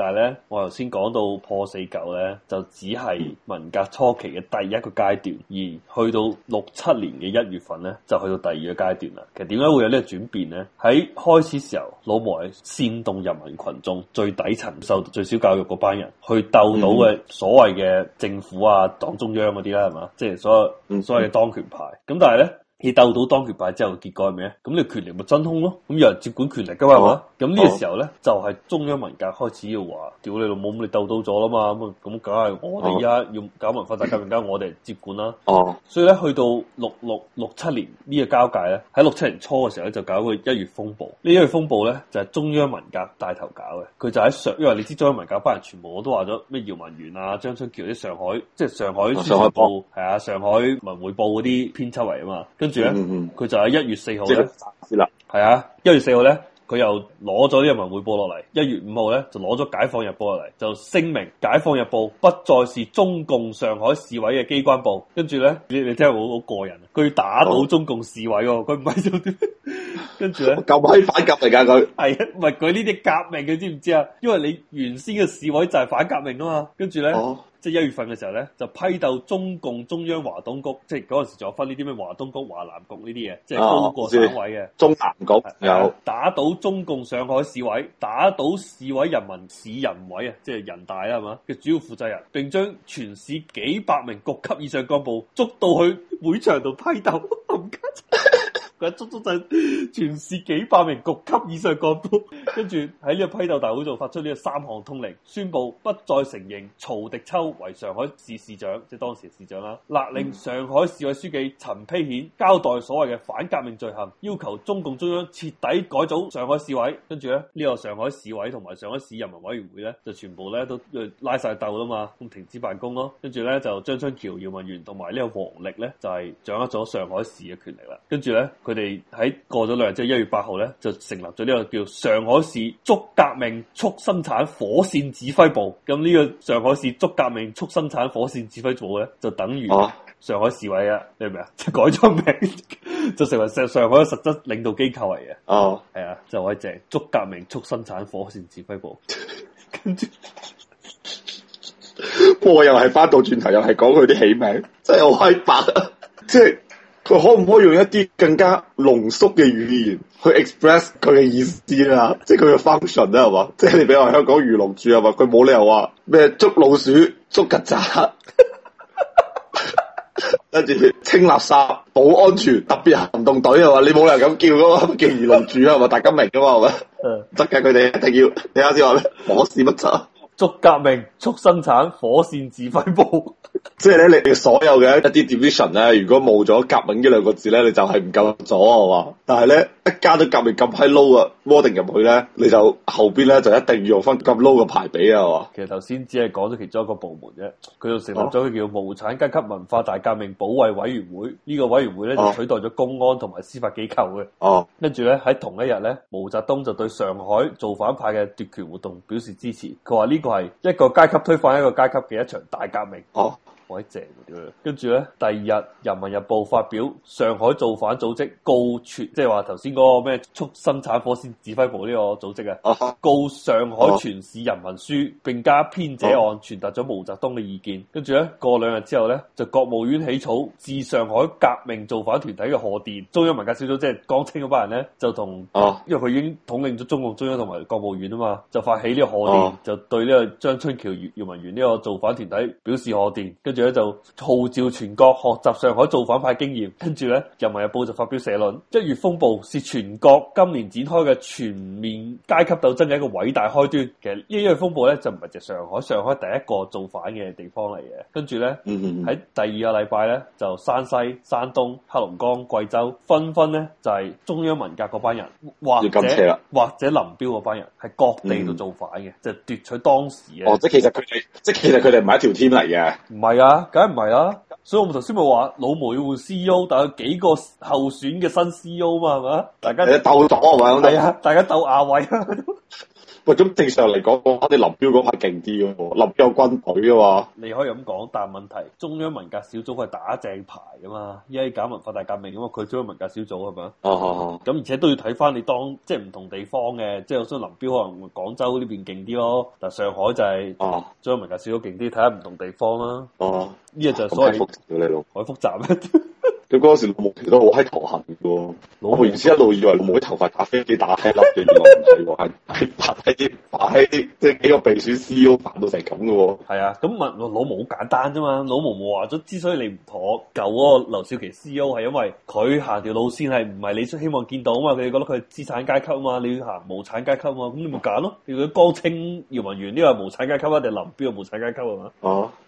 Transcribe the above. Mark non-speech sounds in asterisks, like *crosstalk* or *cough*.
但係咧，我頭先講到破四舊咧，就只係文革初期嘅第一個階段，而去到六七年嘅一月份咧，就去到第二個階段啦。其實點解會有呢個轉變咧？喺開始時候，老毛係煽動人民群眾最底層、受最少教育嗰班人去鬥到嘅所謂嘅政府啊、黨中央嗰啲啦，係嘛，即係所所謂當權派。咁但係咧。你鬥到當權派之後嘅結果係咩？咁你權力咪真空咯？咁有人接管權力噶嘛？咁呢、啊、個時候咧就係、是、中央文革開始要話：屌你老母，你鬥到咗啦嘛？咁咁梗係我哋而家要搞文化大革命，交、嗯、我哋接管啦。哦、啊。所以咧，去到六六六七年呢個交界咧，喺六七年初嘅時候咧就搞一個一月風暴。呢一月風暴咧就係、是、中央文革帶頭搞嘅。佢就喺上，因為你知中央文革班人全部我都話咗咩？姚文元啊、張春橋啲上海，即係上海上海報係啊，上海文匯報嗰啲編輯嚟啊嘛。跟住咧，佢就喺一月四號咧，係啊，一月四號咧，佢又攞咗《文匯報》落嚟，一月五號咧就攞咗《解放日報》落嚟，就聲明《解放日報》不再是中共上海市委嘅機關報。跟住咧，你你真係好好過人啊！佢要打倒中共市委喎，佢唔係做啲。 *laughs* 跟住咧，夠可以反革命噶，佢係啊，唔係佢呢啲革命嘅，知唔知啊？因為你原先嘅市委就係反革命啊嘛。跟住咧，哦、1 即係一月份嘅時候咧，就批鬥中共中央華東局，即係嗰陣時仲有分呢啲咩華東局、華南局呢啲嘢，即係高過省委嘅、哦、中南局、啊有啊，打倒中共上海市委，打倒市委人民市人委啊，即係人大啦，係嘛嘅主要負責人，並將全市幾百名局級以上幹部捉到去會場度批鬥。 *laughs* 佢足足就全市幾百名局級以上幹部， *laughs* 跟住喺呢個批鬥大會度發出呢個三項通令，宣布不再承認曹荻秋為上海市市長，即係當時市長啦、啊。勒令上海市委書記陳丕顯交代所謂嘅反革命罪行，要求中共中央徹底改組上海市委。跟住咧，呢個上海市委同埋上海市人民委員會咧，就全部咧都拉晒鬥啦嘛，咁停止辦公咯。跟住咧，就張春橋、姚文元同埋呢個王力咧，就係掌握咗上海市嘅權力啦。跟住咧。佢哋喺過咗兩日，即係一月八號咧，就成立咗呢個叫上海市抓革命促生產火線指揮部。咁呢個上海市抓革命促生產火線指揮部咧，就等於上海市委啊，你明唔明啊？就改咗名， *laughs* 就成為上上海嘅實質領導機構嚟嘅。哦、啊，係啊，就位哋正抓革命促生產火線指揮部。跟住，我又係翻到轉頭又係講佢啲起名，真係好開白，即係。佢可唔可以用一啲更加濃縮嘅語言去 express 佢嘅意思啊？即係佢嘅 function 啊，係嘛？即係你比如香港魚龍柱，係嘛？佢冇理由話咩捉老鼠、捉曱甴，跟 *laughs* 住清垃圾、保安全、特別行動隊係嘛？你冇理由咁叫噶嘛？叫魚龍柱係嘛？大家 *laughs* 明噶嘛？係咪？得嘅、 *laughs* 嗯，佢哋一定要。你下先話咩？我是乜柒？促革命、促生產，火線指揮部。 *laughs* 即係咧，你哋所有嘅一啲 division 咧，如果冇咗革命呢兩個字咧，你就係唔夠咗係嘛？但係咧，一加咗革命咁 low 嘅 wording 入去咧，你就後邊咧就一定要用翻咁 low 嘅排比啊係嘛？其實頭先只係講咗其中一個部門啫，佢就成立咗叫無產階級文化大革命保衛委員會呢、呢個委員會咧，就取代咗公安同埋司法機構嘅。哦、啊，跟住咧喺同一日咧，毛澤東就對上海造反派嘅奪權活動表示支持。佢話呢個。係一個階級推翻一個階級嘅一場大革命。啊正好正跟住咧，第二日《人民日報》發表上海造反組織告全，即係話頭先嗰個咩促生產火線指揮部呢個組織啊，告上海全市人民書，並加編者按，傳達咗毛澤東嘅意見。跟住咧，過兩日之後咧，就國務院起草致上海革命造反團體嘅賀電。中央文革小組即係江青嗰班人咧，就同，啊、因為佢已經統領咗中共中央同埋國務院啊嘛，就發起呢個賀電，啊、就對呢個張春橋、姚文元呢個造反團體表示賀電，就號召全國學習上海造反派經驗，跟住咧，《人民日報》就發表社論，一月風暴是全國今年展開嘅全面階級鬥爭嘅一個偉大開端。其實一月風暴咧就唔係隻上海，上海第一個造反嘅地方嚟嘅。跟住咧喺第二個禮拜咧就山西、山東、黑龍江、貴州紛紛咧就係、是、中央文革嗰班人，或者或者林彪嗰班人，喺各地都造反嘅，嗯、就奪取當時嘅。哦，即其實佢哋，即其實佢哋唔係一條天嚟嘅，唔係、嗯、啊。啊，梗係唔係啦，所以，我哋頭先咪話老毛要換 CEO，但係有幾個候選嘅新 CEO 嘛，係咪啊？大家鬥咗係咪？我睇下大家鬥阿偉。 *laughs* 喂，咁正常嚟講，我諗你林彪嗰塊勁啲嘅，林彪有軍隊啊嘛。你可以咁講，但問題中央文革小組係打正牌噶嘛？依家搞文化大革命咁嘛，佢中央文革小組係咪？哦，咁而且都要睇翻你當即係唔同地方嘅，即係我相信林彪可能廣州呢邊勁啲咯，但上海就係中央文革小組勁啲，睇下唔同地方啦。哦、uh，呢、huh. 個就係好複雜。我複雜咩？Huh. 佢嗰時老毛調都好閪頭痕，老毛原先一路以為老毛啲頭髮打飛機打起粒嘅，原來唔係喎，係擺啲擺啲，即係幾個秘書 C.O. 擺到成咁嘅喎。係啊，咁咪老毛好簡單啫嘛。老毛冇話咗，之所以你唔妥舊嗰個劉少奇 C.O. 係因為佢行條路線係唔係你所希望見到啊嘛？佢哋覺得佢係資產階級啊嘛，你要行無產階級啊嘛，咁你咪揀咯。如果江青姚文元呢個係無產階級，定係林彪無產階級係嘛？哦。